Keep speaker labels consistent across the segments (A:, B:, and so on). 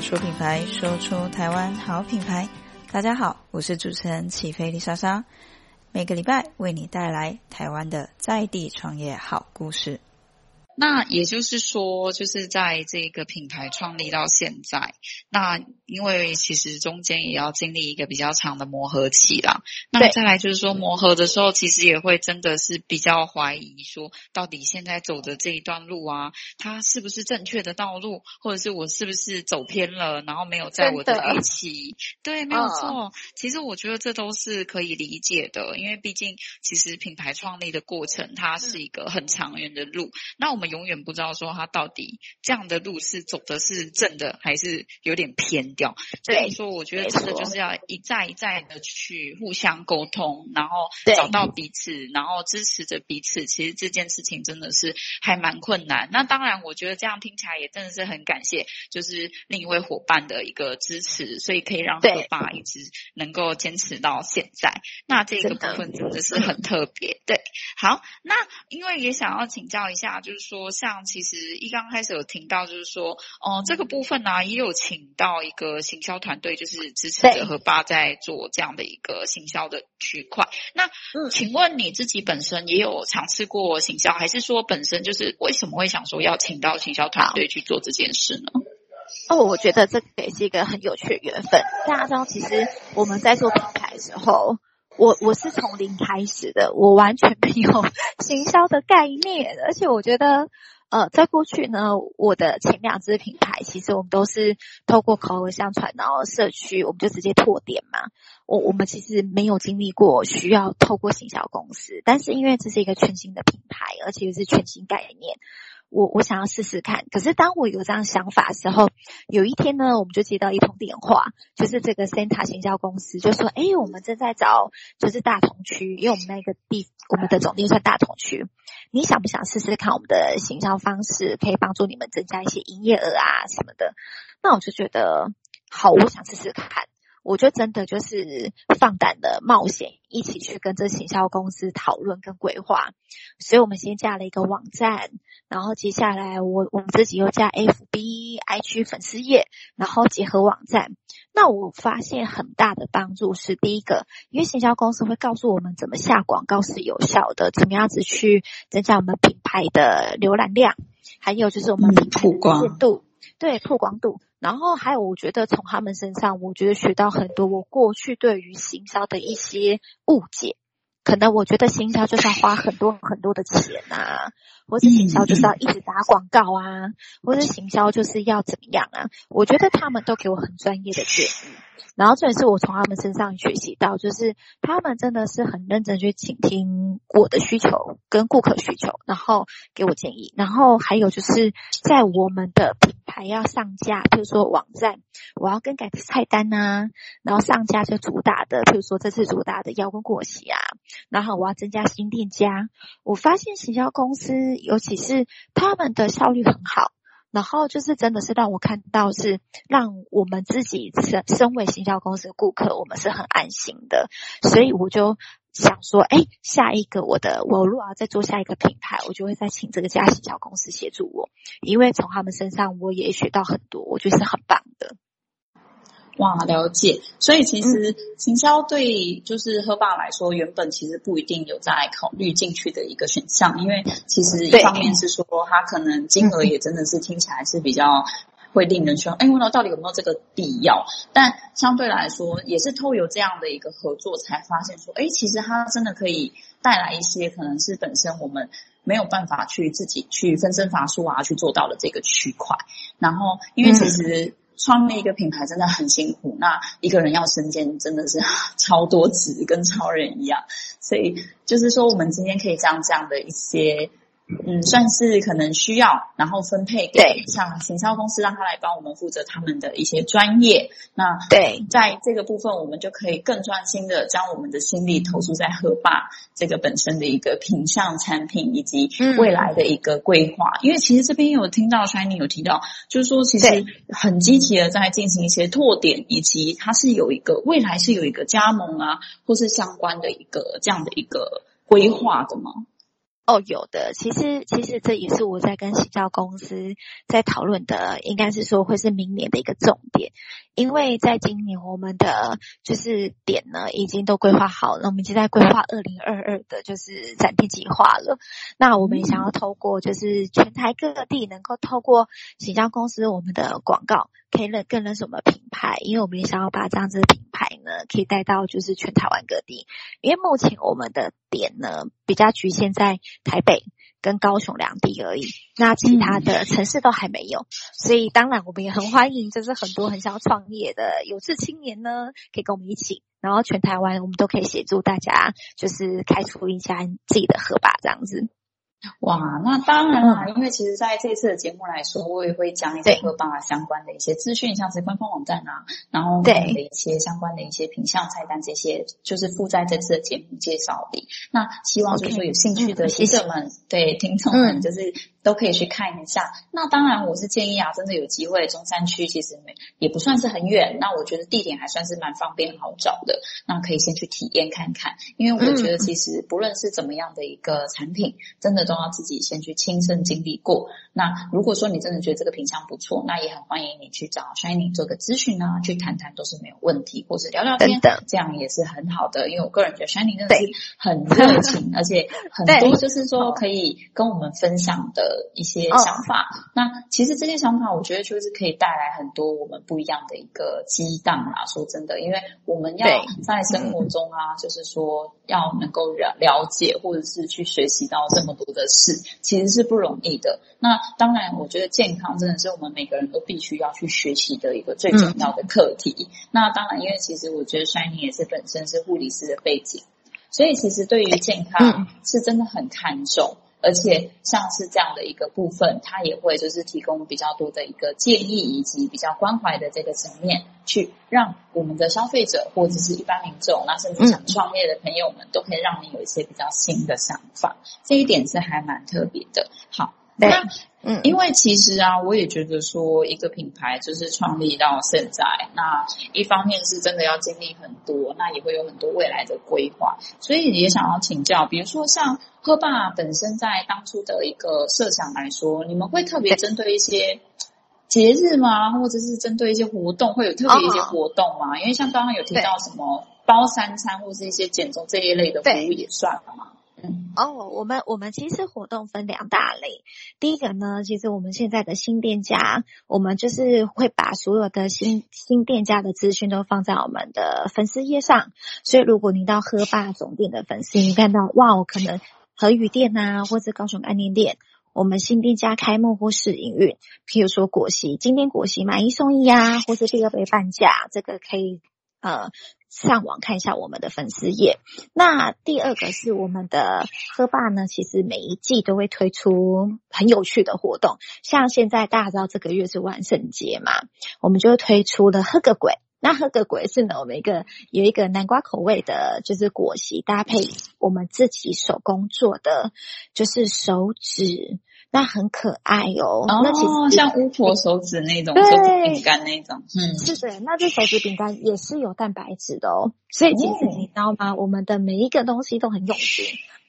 A: 說品牌，說出台灣好品牌。大家好，我是主持人起飛麗莎莎，每個禮拜為你帶來台灣的在地創業好故事。那也就是說，就是在這個品牌創立到現在，那。因為其實中間也要經歷一個比較長的磨合期啦。那再來就是說磨合的時候，其實也會真的是比較懷疑說，到底現在走的這一段路啊，它是不是正確的道路，或者是我是不是走偏了，然後沒有在我的預期。對，沒有錯。Uh. 其實我覺得這都是可以理解的，因為畢竟其實品牌創立的過程，它是一個很長遠的路。嗯。那我們永遠不知道說它到底這樣的路是走的是正的，還是有點偏的。所以說，我覺得真的就是要一再一再的去互相溝通，對，然後找到彼此，然後支持着彼此。其實這件事情真的是還蠻困難。那當然，我覺得這樣聽起來也真的是很感謝，就是另一位夥伴的一個支持，所以可以讓喝吧一直能夠堅持到現在。那這個部分真的是很特別，對。對，好，那因為也想要請教一下，就是說，像其實一剛開始有聽到，就是說，哦、呃，這個部分呢、啊、也有請到一個。呃，行銷團隊就是支持者喝吧在做這樣的一個行銷的區塊。那請問你自己本身也有嘗試過行銷，還是說本身就是為什麼會想說要請到行銷團隊去做這件事呢？
B: 哦，我覺得這個也是一個很有趣的緣分。大家知道，其實我們在做品牌的時候，我我是從零開始的，我完全沒有行銷的概念，而且我覺得。呃，在過去呢，我的前兩支品牌，其實我們都是透過口口相傳，然後社區，我們就直接拓店嘛。我我們其實沒有經歷過需要透過行銷公司，但是因為這是一個全新的品牌，而且是全新概念。我我想要試試看，可是當我有這樣想法的時候，有一天呢，我們就接到一通電話，就是這個 SnaTa 行銷公司就說：“哎，我們正在找，就是大同區，因為我們那個地，我們的總店在大同區，你想不想試試看我們的行銷方式，可以幫助你們增加一些營業額啊什麼的？”那我就覺得好，我想試試看。我就真的就是放膽的冒險，一起去跟這行銷公司討論跟規劃。所以我們先架了一個網站，然後接下來我我們自己又架 FB IG 粉絲頁，然後結合網站。那我發現很大的幫助是第一個，因為行銷公司會告訴我們怎麼下廣告是有效的，怎麼樣子去增加我們品牌的瀏覽量，還有就是我們的曝光度。嗯對，曝光度，然後還有，我覺得從他們身上，我覺得學到很多。我過去對於行銷的一些誤解，可能我覺得行銷就是要花很多很多的錢啊，或者行銷就是要一直打廣告啊，或者行銷就是要怎麼樣啊？我覺得他們都給我很專業的建議。然後這也是我從他們身上學習到，就是他們真的是很認真去傾聽我的需求跟顧客需求，然後給我建議。然後還有就是在我們的品牌要上架，比如說網站，我要更改的菜單啊，然後上架就主打的，譬如說這次主打的腰果果昔啊，然後我要增加新店家。我發現行銷公司，尤其是他們的效率很好。然後就是真的是讓我看到，是讓我們自己身身為行銷公司的顧客，我們是很安心的。所以我就想說，哎，下一個我的，我如果要再做下一個品牌，我就會再請這個家行銷公司協助我，因為從他們身上我也學到很多，我覺得是很棒的。哇，了解。所以其實
A: 行銷對就是 Her-Bar 來說，嗯，原本其實不一定有在考慮進去的一個選項，因為其實一方面是說，它可能金額也真的是聽起來是比較會令人說，哎，嗯，問到，到底有沒有這個必要？但相對來說，也是透有這樣的一個合作，才發現說，哎，其實它真的可以帶來一些可能是本身我們沒有辦法去自己去分身乏術啊，去做到的這個區塊。然後，因為其實，嗯。創立一個品牌真的很辛苦，那一個人要身兼真的是超多職，跟超人一樣。所以就是說，我們今天可以將這樣的一些。嗯，算是可能需要，然後分配給像行銷公司，讓他來幫我們負責他們的一些專業。那對，那在這個部分，我們就可以更專心的將我們的心力投注在 Her-Bar 這個本身的一個品項產品以及未來的一個規劃。嗯，因為其實這邊有聽到 Shynie 有提到，就是說其實很積極的在進行一些拓點，以及它是有一個未來是有一個加盟啊，或是相關的一個這樣的一個規劃的嗎？
B: 哦，有的，其實其實這也是我在跟洗車公司在討論的，應該是說會是明年的一個重點，因為在今年我們的就是點呢已經都規劃好了，我們已經在規劃二零二二的就是展店計劃了，那我們也想要透過就是全台各地能夠透過洗車公司我們的廣告。跟了什麼品牌？因為我們也想要把這樣子的品牌呢，可以帶到就是全台灣各地。因為目前我們的點呢，比較局限在台北跟高雄兩地而已。那其他的城市都還沒有。嗯，所以當然我們也很歡迎，就是很多很想要創業的有志青年呢，可以跟我們一起。然後全台灣我們都可以協助大家，就是開出一家自己的 Her-Bar 這樣子。哇，那當然啦，
A: 因為其實在這次的節目來說，我也會講一些喝吧相關的一些資訊，像是官方網站啊，然後、嗯、的一些相關的一些品項菜單這些，就是附在這次的節目介紹裡。那希望就是說有興趣的聽、okay, 眾們，謝謝，對，聽眾們就是。嗯都可以去看一下。那當然，我是建議啊，真的有機會，中山區其實沒也不算是很遠。那我覺得地點還算是蠻方便、好找的。那可以先去體驗看看，因為我覺得其實不論是怎麼樣的一個產品，嗯、真的都要自己先去親身經歷過。那如果說你真的覺得這個品相不錯，那也很歡迎你去找 Shynie 做個諮詢啊，去談談都是沒有問題，或是聊聊天，等等這樣也是很好的。因為我個人覺得 Shynie 真的是很熱情，而且很多就是說可以跟我們分享的一些想法。那其實這些想法我覺得就是可以帶來很多我們不一樣的一個激盪啦。說真的，因為我們要在生活中啊，就是說。要能夠了了解或者是去學習到這麼多的事，其實是不容易的。那當然，我覺得健康真的是我們每個人都必須要去學習的一個最重要的課題。嗯、那當然，因為其實我覺得 Shynie 也是本身是護理師的背景，所以其實對於健康是真的很看重。嗯而且像是這樣的一個部分，它也會就是提供比較多的一個建議以及比較關懷的這個層面，去讓我們的消費者或者是一般民眾，那甚至想創業的朋友們，都可以讓你有一些比較新的想法。嗯。這一點是還蠻特別的。好。那，嗯，因為其實啊，我也覺得說，一個品牌就是創立到現在，那一方面是真的要經歷很多，那也會有很多未來的規劃，所以也想要請教，比如說像喝吧本身在當初的一個設想來說，你們會特別針對一些節日嗎？或者是針對一些活動會有特別一些活動嗎？因為像剛剛有提到什
B: 麼包三餐或是一些減重這一類的服務也算了嗎？哦、oh,，我們我們其實活動分兩大類。第一個呢，其實我們現在的新店家，我們就是會把所有的新新店家的資訊都放在我們的粉絲頁上。所以如果你到喝吧總店的粉絲，你看到哇，我可能和雨店吶、啊，或者高雄安寧店，我們新店家開幕或是營運，譬如說果昔，今天果昔買一送一啊，或者第二杯半價，這個可以。呃，上網看一下我們的粉絲頁。那第二個是我們的喝吧呢，其實每一季都會推出很有趣的活動，像現在大家知道這個月是萬聖節嘛，我們就推出了喝個鬼。那和個果昔呢？我們一個有一個南瓜口味的，就是果昔搭配我們自己手工做的，就是手指，那很可愛哦。哦，那其實、就是、像巫婆手指那種對手指餅乾那種，嗯，是的。那這手指餅乾也是有蛋白質的哦。所以其實、嗯、你知道嗎？我們的每一個東西都很用心。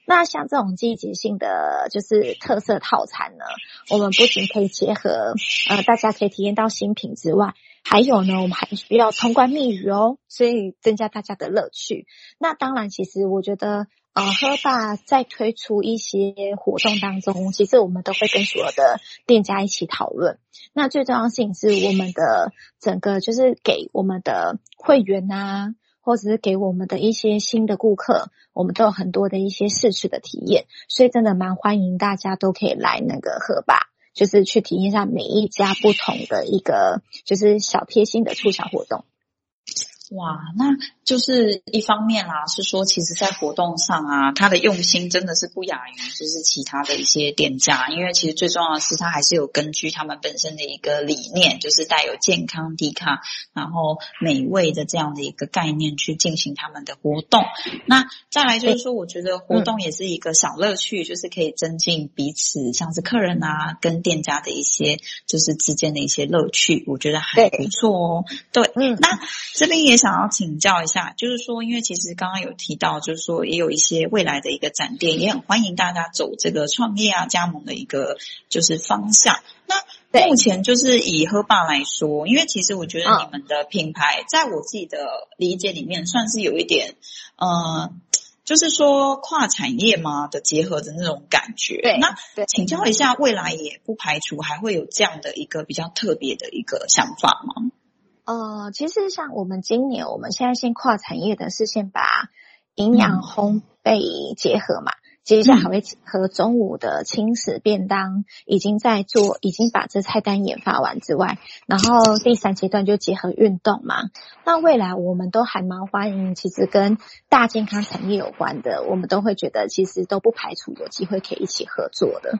B: 那像這種季節性的就是特色套餐呢，我們不僅可以結合，呃，大家可以體驗到新品之外。還有呢，我們還需要通關密語哦，所以增加大家的樂趣。那當然，其實我覺得，呃，喝吧在推出一些活動當中，其實我們都會跟所有的店家一起討論。那最重要的事情是，我們的整個就是給我們的會員啊，或者是給我們的一些新的顧客，我們都有很多的一些試吃的體驗，所以真的蠻歡迎大家都可以來那個喝吧。就是去體驗一下每一家不同的一個，就是小貼心的促銷活動。哇，
A: 那就是一方面啦、啊，是說其實，在活動上啊，他的用心真的是不亞於就是其他的一些店家，因為其實最重要的是，他還是有根據他們本身的一個理念，就是帶有健康、低卡，然後美味的這樣的一個概念去進行他們的活動。那再來就是說，我覺得活動也是一個小樂趣、嗯，就是可以增進彼此，像是客人啊跟店家的一些就是之間的一些樂趣，我覺得還不錯哦。對，對嗯，那這邊也是。想要請教一下，就是說，因為其實剛剛有提到，就是說，也有一些未來的一個展店，也很歡迎大家走這個創業啊、加盟的一個就是方向。那目前就是以喝吧來說，因為其實我覺得你們的品牌，在我自己的理解裡面，算是有一點，呃，就是說跨產業嘛的結
B: 合的那種感覺。
A: 那請教一下，未來也不排除還會有這樣的一個比較特別的一個想法嗎？
B: 哦，其實像我們今年，我們現在先跨產業的是先把營養烘焙結合嘛，接下來還會和中午的輕食便當已經在做，已經把這菜單研發完之外，然後第三階段就結合運動嘛。那未來我們都還蠻歡迎，其實跟大健康產業有關的，我們都會覺得其實都不排除有機會可以一起合作的。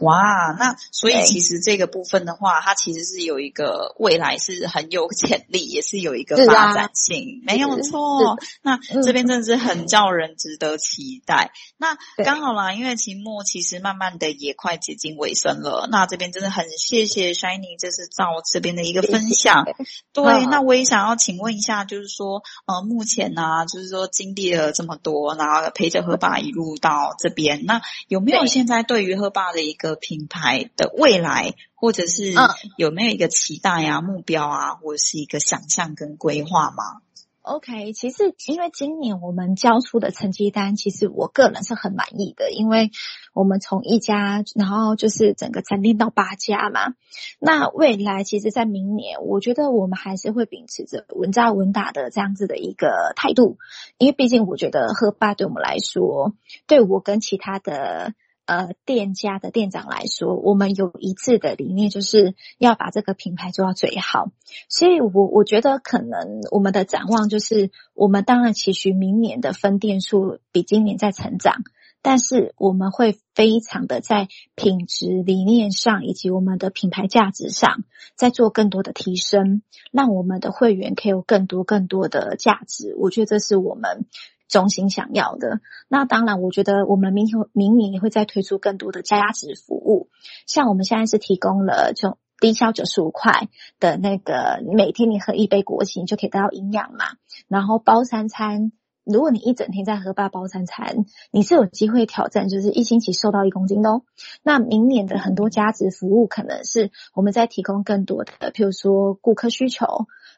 A: 哇，那所以其實這個部分的話，它其實是有一個未來是很有潛力，也是有一個發展性，啊、沒有錯。那這邊真的是很叫人值得期待。嗯、那剛好啦，因為期末其實慢慢的也快接近尾聲了。那這邊真的很謝謝 Shynie，就是照這邊的一個分享。對，對嗯、那我也想要請問一下，就是說，呃，目前呢、啊，就是說經歷了這麼多，然後陪着荷巴一路到這邊，那有沒有現在對於荷巴？他的一個品牌的未來，或者是有沒有一個期待啊、目標啊，或者是一個想象跟規劃嗎
B: ？OK，其實因為今年我們交出的成績單，其實我個人是很滿意的，因為我們從一家，然後就是整個餐廳到八家嘛。那未來其實，在明年，我覺得我們還是會秉持着穩紮穩打的這樣子的一個態度，因為畢竟我覺得喝吧對我們來說，對我跟其他的。呃，店家的店長來說，我們有一致的理念，就是要把這個品牌做到最好。所以我，我我覺得可能我們的展望就是，我們當然期許明年的分店數比今年再成長，但是我們會非常的在品質理念上以及我們的品牌價值上，再做更多的提升，讓我們的會員可以有更多更多的價值。我覺得這是我們。衷心想要的，那當然，我覺得我們明天明年也會再推出更多的加值服務，像我們現在是提供了就低消九十五塊的那個每天你喝一杯果昔你就可以得到營養嘛，然後包三餐。如果你一整天在喝吧包餐餐，你是有機會挑戰，就是一星期瘦到一公斤的哦。那明年的很多加值服務，可能是我們在提供更多的，譬如說顧客需求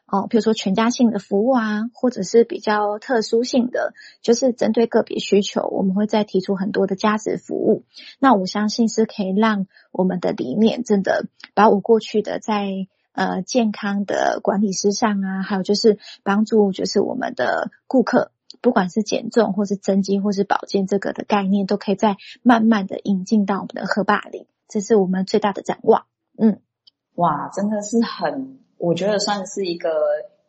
B: 哦，譬如說全家性的服務啊，或者是比較特殊性的，就是針對個別需求，我們會再提出很多的加值服務。那我相信是可以讓我們的理念真的把我過去的在呃健康的管理師上啊，還有就是幫助就是我們的顧客。不管是減重，或是增肌，或是保健，這個的概念都可以再慢慢的引進到我們的 Her-Bar 裡，這是我們最大的展望。嗯，哇，真的是很，
A: 我覺得算是一個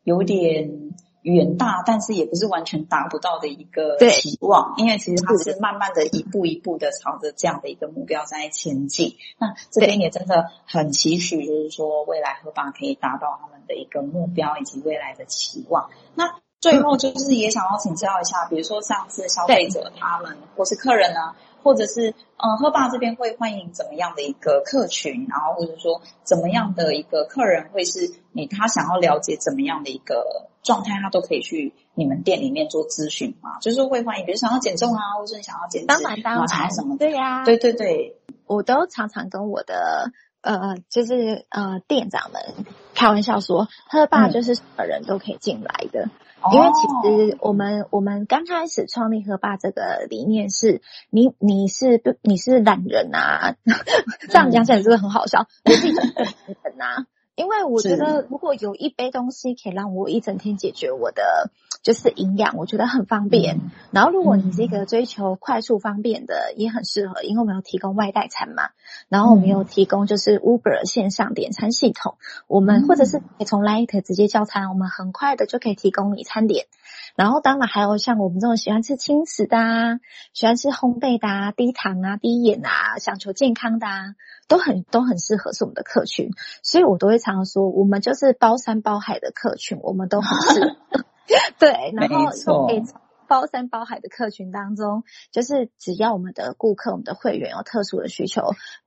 A: 有點遠大，嗯，但是也不是完全達不到的一個期望，因為其實它是慢慢的一步一步的朝着這樣的一個目標在前進，嗯。那這邊也真的很期許，就是說未來 Her-Bar 可以達到他們的一個目標以及未來的期望。嗯、那。最後就是也想要請教一下，比如說像是消費者他們或是客人呢，或者是呃、嗯、喝霸這邊會歡迎怎麼樣的一個客群？然後或者說怎麼樣的一個客人會是你他想要了解怎麼樣的一個狀態，他都可以去你們店裡面做諮詢嘛，就是會歡迎，比如想要減重啊，或者你想要減脂當然當然什麼的
B: 對呀、啊，對對對，我都常常跟我的呃，就是呃店長們開玩笑說，喝霸就是什麼人都可以進來的。嗯因為其實我們、oh. 我們剛開始創立 Her-Bar 這個理念是你，你是你是你是懶人啊，mm. 這樣講起來是不是很好笑？你是懶人啊。因為我覺得，如果有一杯東西可以讓我一整天解決我的就是營養，我覺得很方便。然後，如果你這個追求快速方便的，也很適合，因為我們有提供外帶餐嘛。然後，我們有提供就是 Uber 線上點餐系統，我們或者是你從 Light 直接叫餐，我們很快的就可以提供你餐點。然後當然還有像我們這種喜歡吃輕食的，啊，喜歡吃烘焙的，啊，低糖啊、低鹽啊，想求健康的，啊，都很都很適合是我們的客群，所以我都會常常說，我們就是包山包海的客群，我們都很適合， 對， 然後沒錯。包山包海的客群當中，就是只要我們的顧客、我們的會員有特殊的需求，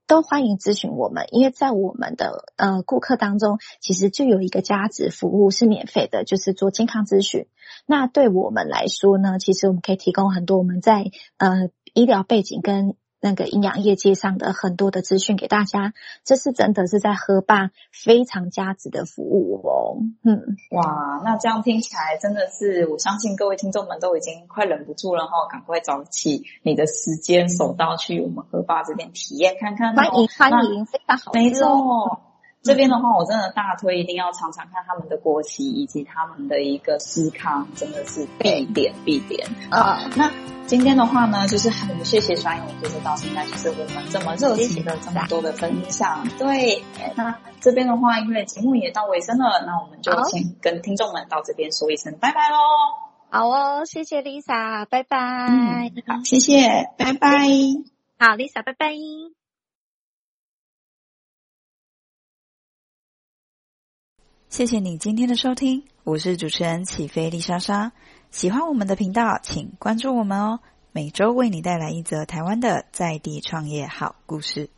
B: 都歡迎諮詢我們。因為在我們的呃顧客當中，其實就有一個加值服務是免費的，就是做健康諮詢。那對我們來說呢，其實我們可以提供很多我們在呃醫療背景跟。那個營養業界上的很多的資訊給大家，這是真的是在喝吧非常加值的服務哦。嗯，哇，那這樣聽起
A: 來真的是，我相信各位聽眾們都已經快忍不住了哈、哦，趕快找
B: 起你的
A: 時間，手刀去我們喝吧這邊體驗看看嘍、哦嗯。歡迎歡迎，非常好，沒錯、哦。嗯、這邊的話，我真的大推，一定要嘗嘗看他們的果昔以及他們的一個司康，真的是必點、嗯、必點啊、哦！那今天的話呢，就是很謝謝 Shynie，就是到現在就是我們這麼熱情的謝謝這麼多的分享。嗯、對，那這邊的話，因為節目也到尾聲了、嗯，那我們就先跟聽眾們到這邊說一
B: 聲拜拜嘍。好哦，謝謝 Lisa，拜拜。嗯、好，謝謝，拜拜。好，Lisa，拜拜。
A: 謝謝你今天的收聽，我是主持人起飛麗莎莎。喜歡我們的頻道，請關注我們哦。每周為你帶來一則台灣的在地創業好故事。